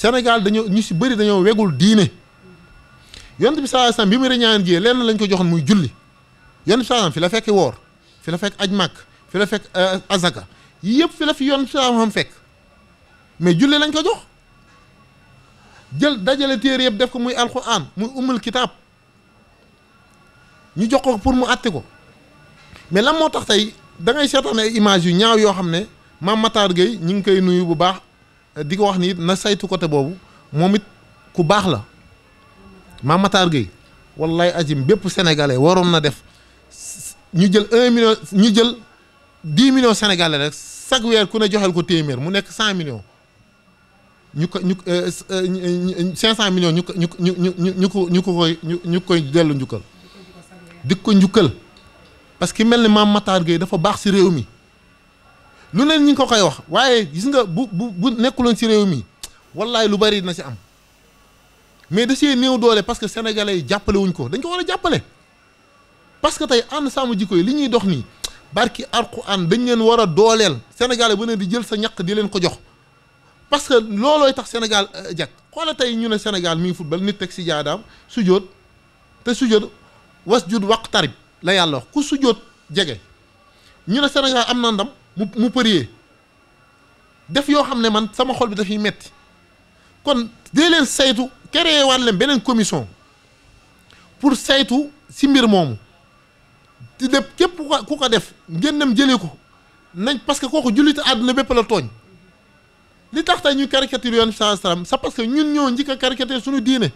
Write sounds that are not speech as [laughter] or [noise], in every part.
Sénégal dañoo ñu si bari dañoo wegul diine yonent bi saa bi mu reñaan jiyee lenn lañ ko jox muy julli yonent bi saa fi la fekk woor fi la fekk aj màkk fi la fekk euh, azaka yii yëpp fi la fi yoon salaam am fekk mais julli lañ ko jox jël dajale téere yëpp def ko muy alxuraan muy ummul kitaab ñu jox ko pour mu àtte ko mais lan moo tax tey da ngay seetaan ay images yu ñaaw yoo xam ne maam mataar Gueye ñu ngi koy nuyu bu baax di ko wax ni na saytu côté boobu moom it ku baax la maam Matar Gueye wallaay ajim bépp sénégalais waroon na def ñu jël un ñu jël. dix millions sénégalais rek chaque weer ku ne joxel ko téeméer mu nekk cent millions ñu ko ñu euh, euh, euh, cinq cent millions ñu ko ñu ñu ñu ñu ko ñu ko koy ñu koy dellu njukkal. di ko njukkal parce que mel ni maam Matar Gueye dafa baax si réew mi lu leen ñu ko koy wax waaye gis nga bu bu bu nekkuloon si réew mi wallaay lu bari na si am mais da see néew doole parce que sénégalais yi jàppalewuñ ko dañ ko war a jàppale parce que tey ànd sàmm jikko yi li ñuy dox nii. barki ann dañ leen war a dooleel Sénégal bu ne di jël sa ñaq di leen ko jox parce que loolooy tax Sénégal euh, jag xoola tey ñu ne Sénégal mii ngi football nit teg si jaadaam sujoot te sujoot wasjud waqtarib la yàlla wax ku sujoot jege ñu ne Sénégal am na ndam mu mu përiyee def yoo xam ne man sama xol bi dafay metti kon dee leen saytu créé waat leen beneen commission pour saytu si mbir moomu te lépp képp ku ko ku ko def ngénnam jëlee ko nañ parce que kooku jullit àdduna bépp la tooñ li tax tey ñu caricature yoon saa salaam c'est parce que ñun ñoo njëkk a caricature suñu diine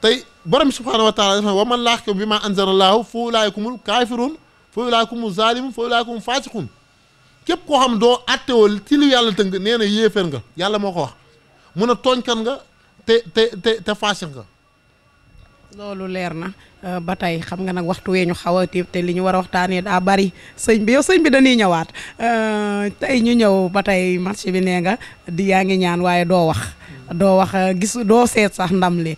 tey borom subhaanahu wa taala dafa wa man laax ko bi ma anzalallaahu fa ulaa'ikumul kaafiruun fa ulaa'ikumuz zaalimuun fa ulaa'ikumul faasiquun képp koo xam doo àttewoo ci lu yàlla tënk nee na yéeféer nga yàlla moo ko wax mun a tooñ tooñkan nga te te te te nga loolu leer na Euh, ba tey xam nga nag waxtu wee ñu xaw a tiib te li ñu war a waxtaanee daa bari sëñ bi yow sëñ bi dañuy ñëwaat euh, tey ñu ñëw ba tey match bi nee nga di yaa ngi ñaan waaye doo wax. doo wax euh, gis doo seet sax ndam li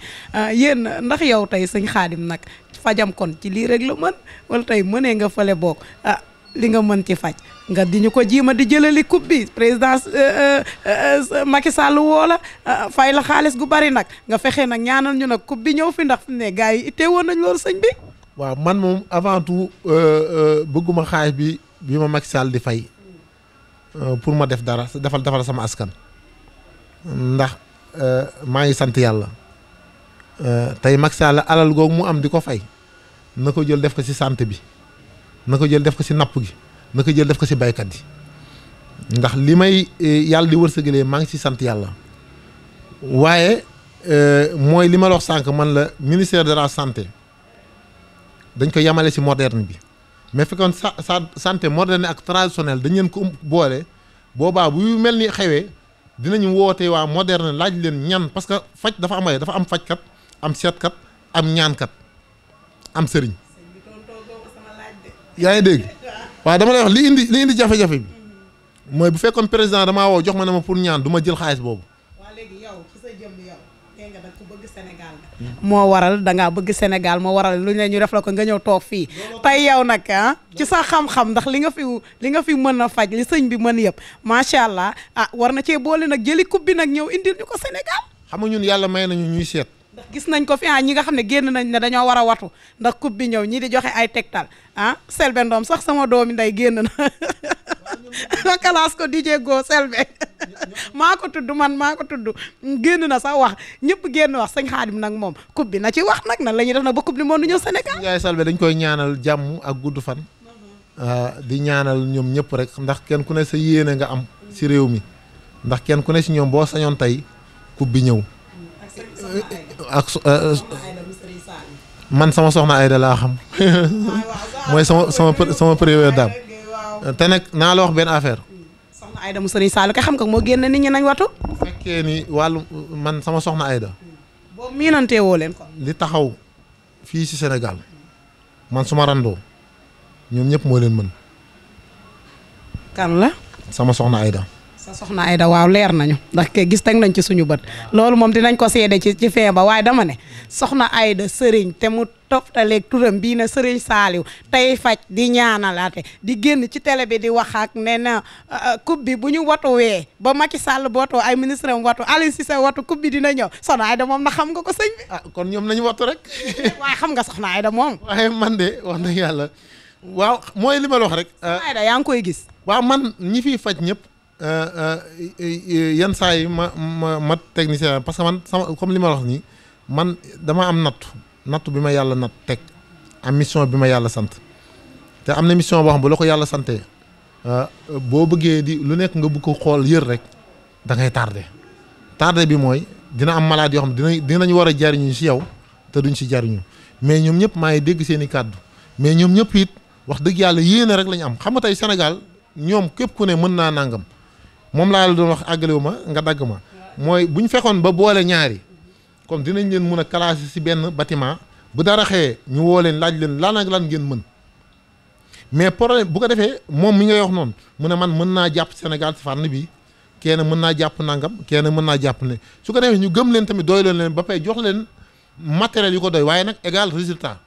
yéen ndax yow tey sëñ xaadim nag fajam kon ci lii rek la mën wala tey mënee nga fële boog li nga mën ci faj nga di ñu ko jiima di jëlali coupe bi président euh, euh, euh, Macky Sall woo la fay la xaalis gu bari nag nga fexe nag ñaanal ñu nag coupe bi ñëw fi ndax fi ne gars yi ittee woon nañ loolu sëñ bi. waaw man moom avant tout bëgguma xaalis bi bi ma Macky Sall di fay pour ma def dara defal defal sama askan. ndax maa ngi sant yàlla tey Macky Sall alal googu mu am di ko fay na ko jël def ko si sant bi. na ko jël def ko si napp gi na ko jël def ko si baykat yi ndax li may eh, yàlla di sa wërsëgalee maa ngi si sant yàlla waaye eh, mooy li ma la wax sànq man la ministère de la santé dañ ko yemale si moderne bi mais fekkoon sa santé moderne ak traditionnelle dañ leen ko um, boole boobaa bu mel ni xewee dinañu woote waa moderne laaj leen ñan parce que faj dafa am ay dafa am fajkat am seetkat am ñaankat am sëriñ yaa ngi dégg waaw dama lay wax li indi li indi jafe-jafe bi mooy bu fekkoon président damaa woo jox ma ne ma pour ñaan du ma jël xaalis boobu. yow ci sa bëgg Sénégal moo waral dangaa bëgg Sénégal moo waral lu ne ñu def la ko nga ñëw toog fii tey yow nag ah ci sa xam-xam ndax li nga fi li nga fi mën na faj li sëñ bi mën yëpp macha allah ah war na cee boole nag jëli coupe bi nag ñëw indi ñu ko Sénégal. xam nga ñun yàlla may nañu ñuy seet ndax gis nañ ko fi ah ñi nga xam ne génn nañ ne dañoo war a watu ndax coupe bi ñëw ñi di joxe ay tegtal ah Selbé Ndom sax sama doomi nday génn na [laughs] ma kalaas ko DJ Go Selbé [laughs] maa ko tudd man maa ko tudd génn na sax wax ñëpp génn wax sëñ Xaadim nag moom coupe bi na ci wax nag nan la ñuy def nag ba coupe bi moo nu ñëw Sénégal yaay Selbé dañ koy ñaanal jàmm ak gudd fan uh-huh. ah, di ñaanal ñoom ñëpp rek ndax kenn ku ne sa yéene nga am si réew mi ndax kenn ku ne si ñoom boo sañoon tey coupe bi ñëw mm, ak euh, man sama soxna Aida laa xam [laughs] mooy sama sama sama première te nag naa la wax benn affaire. soxna Aida mu sëriñ kay xam nga moo génne nit ñi nañ watu. bu fekkee ni wàllu man sama soxna Aida. boo miinantee woo leen li taxaw fii ci Sénégal man suma ma randoo ñoom ñëpp moo leen mën. kan la. sama soxna Aida. sa soxna ayda waaw leer nañu ndax ke gis teg nañ ci suñu bët loolu moom dinañ ko seede ci ci fee ba waaye dama ne soxna ayda sëriñ te mu toftaleeg turam bii na sëriñ saaliw tey faj di ñaanalaate di génn ci télé bi di wax ak ne na coupe bu ñu watuwee ba Macky Sall bootoo ay ministre am watu Aliou sa watu coupe bi dina ñëw soxna Aida moom na xam nga ko sëñ bi ah, kon ñoom nañu watu rek [laughs] waaye xam nga soxna Aida moom waaye man de wax na yàlla waaw mooy li ma rek ah. Aida yaa ngi koy gis waaw man ñi fiy faj ñëpp Euh, euh, yenn saa yi ma ma mat technicien parce que man sama comme li ma wax nii man dama am nattu nattu bi ma yàlla natt teg am mission bi ma yàlla sant te am na mission boo xam bu la ko yàlla santee euh, boo bëggee di lu nekk nga bëgg ko xool yër rek dangay ngay tardé tardé bi mooy dina am malade yoo xam dina dinañ war a jariñu si yow te duñ si jariñu mais ñoom ñëpp maa ngi dégg seen i kàddu mais ñoom ñëpp it wax dëgg yàlla yéene rek la ñu am xam nga tey Sénégal ñoom képp ku ne mën naa nangam. moom laa la doon wax àggalewu ma nga dagg ma mooy bu fekkoon ba boole ñaari comme dinañ leen mun a classer ci benn bâtiment bu dara xëyee ñu woo leen laaj leen lan ak lan ngeen mën mais problème bu ko defee moom mi ngay wax noonu mu ne man mën naa jàpp Sénégal fànn bi kenn mën naa jàpp nangam kenn mën naa jàpp ne su ko defee ñu gëm leen tamit doy leen leen ba pay jox leen matériel yu ko doy waaye nag égal résultat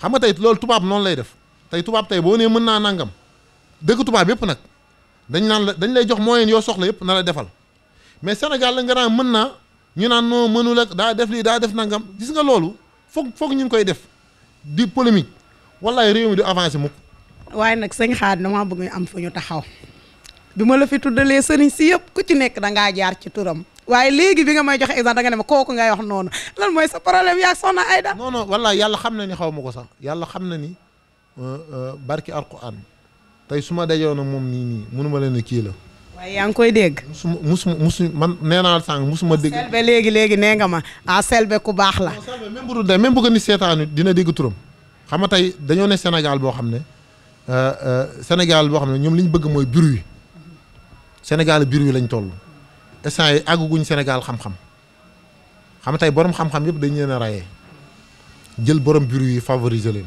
xam nga tey loolu tubaab noonu lay def tey tubaab tey boo nee mën naa nangam dëkk tubaab yépp nag. dañ naan la dañ lay jox moyen yoo soxla yëpp na la defal mais Sénégal la nga naan mën naa ñu naan noo mënul ak daa def lii daa def nangam gis nga loolu foog foog ñu ngi koy def di polémique wallaay réew mi du avancé mukk waaye nag sëñ xaar dama bëgg am fu ñu taxaw bi ma la fi tuddalee sëriñ si yëpp ku ci nekk da ngaa jaar ci turam waaye léegi bi nga may joxe exemple da nga ne ma kooku ngay wax noonu lan mooy sa problème yaa soxna ay non non wallaay yàlla xam na ni xaw ma ko sax yàlla xam na ni euh, euh, barki alquran tey su ma dajoon ak moom nii nii mënuma leen a kii la. waaye yaa ngi koy dégg. musuma musuma musu man nee naa sànq musuma dégg. Selbé léegi léegi nee nga ma ah Selbé ku baax la. Selbé même bu dul de même bu ko ni seetaanu dina dégg turam xam nga tey dañoo ne Sénégal boo xam ne euh, euh, Sénégal boo xam ne ñoom li ñu bëgg mooy bruit Sénégal bruit lañ toll instant yi àgguguñ Sénégal xam-xam xam nga tey borom xam-xam yëpp dañu leen a rayee jël borom bruit yi favoriser leen.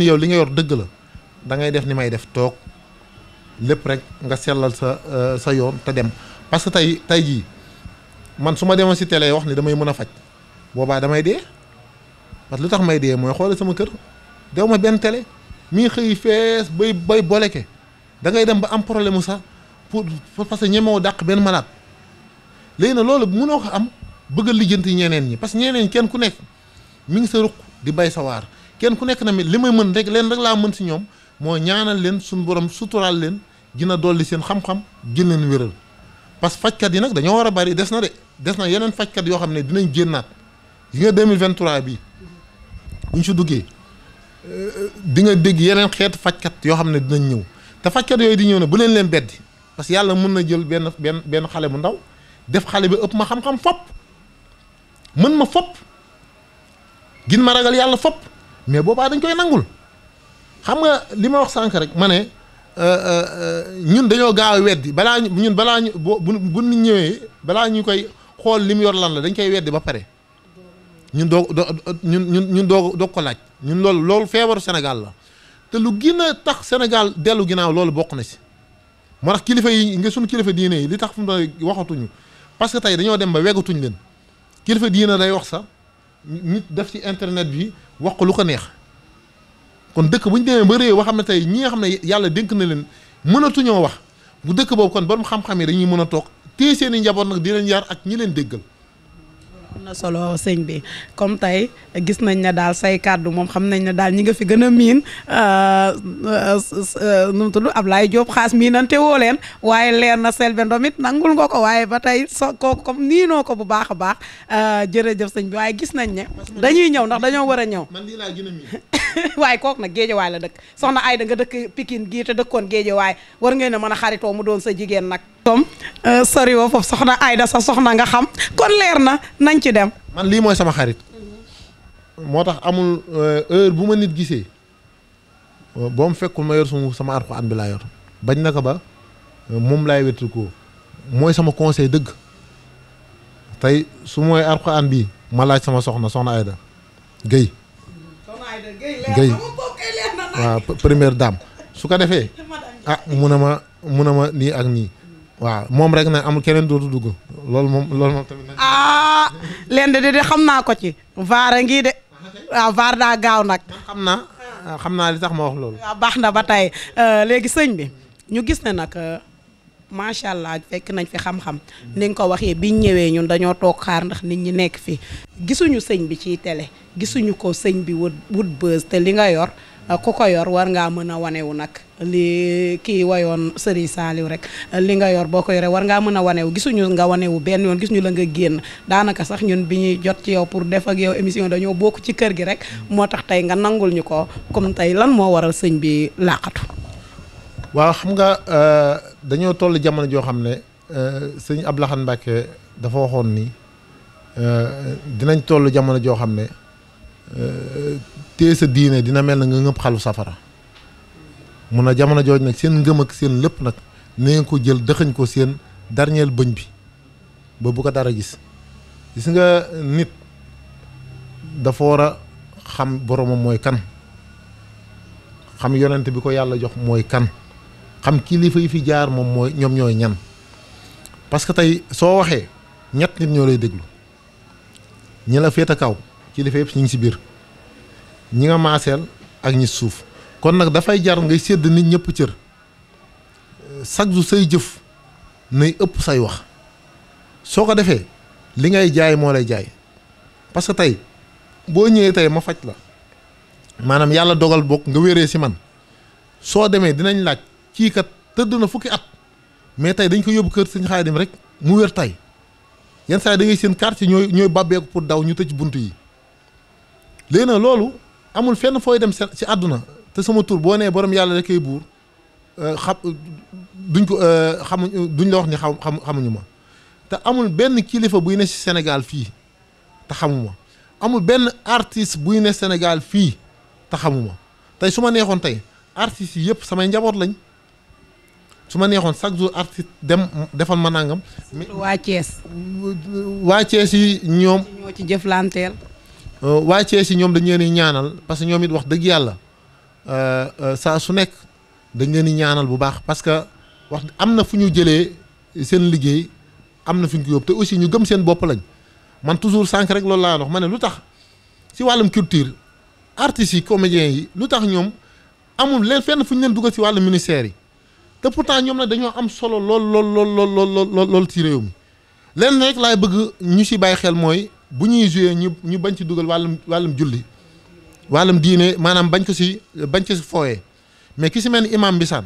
yow li nga yor dëgg la. da ngay def ni may def toog lépp rek nga sellal sa euh, sa yoon te dem parce que tey tey jii man su ma demoon si télé wax ni damay mën a faj boobaa damay dee parce lu tax may dee mooy xoole sama kër dew ma benn tele mi ngi xëy fees bay bay boleke da ngay dem ba am problème mu sax pour parce que ñemewoo dàq benn malade léegi nag loolu mënoo ko am bëgg a lijjanti ñeneen ñi parce que ñeneen kenn ku nekk mu ngi sa ruq di bay sawaar kenn ku nekk na li may mën rek leen rek laa mën si ñoom. moo ñaanal leen suñ borom suturaal leen gën a dolli seen xam-xam gën leen wéral parce que fajkat yi nag dañoo war a bari des na de des na yeneen fajkat yoo xam ne dinañ génnaat yi nga 2023 bii bu ñu si duggee euh, di nga dégg yeneen xeetu fajkat yoo xam ne dinañ ñëw te fajkat yooyu di ñëw ne bu leen leen beddi parce que yàlla mën na jël benn benn benn xale bu ndaw def xale bi ëpp ma xam-xam fopp mën ma fopp gin ma ragal yàlla fopp mais boobaa dañ koy nangul xam nga li ma wax sànq rek ma ne euh, euh, euh, ñun dañoo gaaw a weddi balaa ñun balaa ñu bu bu ñu ñëwee balaa ñu koy xool li mu yor lan la dañ koy weddi ba pare ñun doo do ñun ñun ñun doo doo ko laaj ñun loolu loolu feebaru Sénégal la te lu gën a tax Sénégal dellu ginnaaw loolu bokk na si moo tax kilifa yi nga suñu kilifa diine yi li tax fu mu waxatuñu parce que tey dañoo dem ba wegatuñ leen kilifa diine day wax sax nit def ci internet bi wax ko lu ko neex. kon dëkk bu ñu demee ba réew boo xam ne tey ñi nga xam ne yàlla dénk na leen mënatuñoo wax bu dëkk boobu kon borom xam-xam yi dañuy mën a toog téye seeni njaboot nag di leen yar ak ñi leen déggal am na solo sëñ bi comme tey gis nañ ne daal say kàddu moom xam nañ ne daal ñi nga fi gën a miin euh, euh, nu mu tudd Ablaye Diop xaas miinante woo leen waaye leer na Selbé Ndom nangul nga ko waaye ba tey so ko comme niinoo ko bu baax a baax euh, jërëjëf sëñ bi waaye gis nañ ne dañuy ñëw ndax dañoo war a ñëw man lii laa gën a miin [laughs] waaye kooku nag géejawaay la dëkk soxna Ayda nga dëkk Pikine gii te dëkkoon géejawaay war ngeen a mën a xaritoo mu doon sa jigéen nag asalaamaaleykum euh, sori woo foofu soxna Ayda sa soxna nga xam kon leer na nañ ci dem. man lii mooy sama xarit. moo tax amul euh, heure bu ma nit gisee euh, boo mu fekkul ma yor sumu sama Alxuraan bi laa yor bañ na ko ba moom laay wétru ko mooy sama conseil dëgg tey su mooy Alxuraan bi ma laaj sama soxna soxna Ayda Guèye. soxna Ayda Guèye waaw su ko defee ah mun a ma mun a ma nii ak nii waaw moom rek nag amul keneen dootu dugg loolu moom loolu moom tamit. ah lenn de de xam naa ko ci. vaar a ngi de. Ah, vaar daa gaaw nag. xam naa xam naa li sax ma wax loolu. Ah, baax na ba tey euh, léegi sëñ bi ñu gis ne nag euh, macha allah fekk nañ fi xam-xam ni ko waxee biñ ñëwee ñun dañoo toog xaar ndax nit ñi nekk fi gisuñu sëñ bi ci tele gisuñu ko sëñ bi wut wut bës te li nga yor. Euh, ku ko yor war ngaa mën a wanewu nag li kii wayoon sëriñ saaliw rek li nga yor boo ko yoree war ngaa mën a wanewu gisuñu nga wanewu benn yoon gisuñu la nga génn daanaka sax ñun bi ñuy jot ci yow pour def ak yow émission dañoo bokk ci kër gi rek mm. moo tax tey nga nangul ñu ko comme tey lan moo waral sëñ bi laqatu. waaw xam nga euh, dañoo toll jamono joo xam ne euh, sëñ Abdou Lahad Mbacké dafa waxoon ni dinañ toll jamono joo xam ne. téye sa diine dina mel na nga ngëpp xalu safara mun a jamono jooj nag seen ngëm ak seen lépp nag na ngeen ko jël dëxañ ko seen dernier bëñ bi ba bu ko dara gis gis nga nit dafa war a xam boromam mooy kan xam yonent bi ko yàlla jox mooy kan xam kilifa yi fi jaar moom mooy ñoom ñooy ñan parce que tey soo waxee ñett nit ñoo lay déglu ñi la féete kaw kilifa yëpp ñu ngi si biir ñi nga maaseel ak ñi suuf kon nag dafay jar ngay sédd nit ñëpp cër chaque jour say jëf nay ëpp say wax soo ko defee li ngay jaay moo lay jaay parce que tey boo ñëwee tey ma faj la maanaam yàlla dogal bokk nga wéree si man soo demee dinañ laaj kii kat tëdd na fukki at mais tey dañ ko yóbbu kër sëñ Xaadim rek mu wér tey yenn saa yi da ngay seen quartier ñooy ñooy bàbbeeku pour daw ñu tëj bunt yi léegi nag loolu amul fenn fooy dem ci àdduna te suma tur boo nee borom yàlla rekk ay buur euh, xam duñ ko euh, xamuñ duñ la wax ni xam xamuñu ma te amul benn kilifa buy ne si Sénégal fii te xamuma amul benn artiste buy ne senegal fii te xamuma tey su ma neexoon tey artistes yi yëpp samay njaboot lañ su ma neexoon chaque jour artiste dem defal ma nangam. waa Thiès. waa Thiès yi ñoom. ñoo ci jëflanteel. Euh, waa Thiès yi ñoom dañ leen ñaanal parce que ñoom it wax dëgg yàlla euh, euh, saa su nekk dañ leen di ñaanal bu baax parce que wax am na fu ñu jëlee seen liggéey am na fu ñu ko te aussi ñu gëm seen bopp lañ man toujours sànq rek loolu laa wax ma ne lu tax si wàllum culture artistes yi comédiens yi lu tax ñoom amul leen fenn fu ñu leen dugal ci wàllum ministère yi te pourtant ñoom nag dañoo am solo lool lool lool lool lool lool lool ci réew mi leen rek laay bëgg ñu si bàyyi xel mooy. bu ñuy joué ñu ñu bañ ci dugal wàllum wàllum julli wàllum diine maanaam bañ ko si bañ ko si fooyee mais ki si mel ni imam Bisaan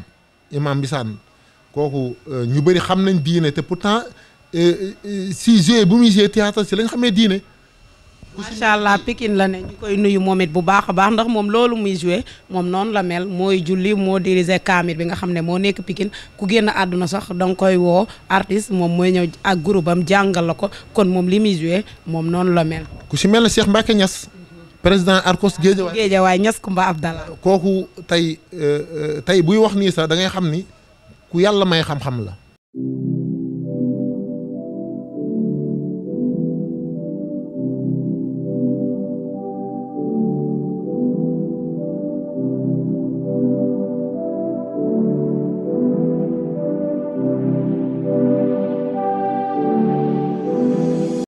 imam Bisaan kooku euh, ñu bëri xam nañ diine te pour pourtant euh, euh, si joué bu muy joué théâtre si lañ xamee diine. macha allah Pikine la ne ñu koy nuyu moom it bu baax a baax ndax moom loolu muy moom noonu la mel mooy julli moo dirigé kaamir bi nga xam ne moo nekk pikin ku génn àdduna sax da koy woo artiste moom mooy ñëw ak groupe am jàngal la ko kon moom li muy moom noonu la mel. ku si mel na Cheikh Mbacke ñas président Arcos Guédiawaye Guédiawaye Niass Kumba Abdallah. kooku tey euh, euh, tey buy wax nii sax da ngay xam ni ku yàlla may xam-xam la.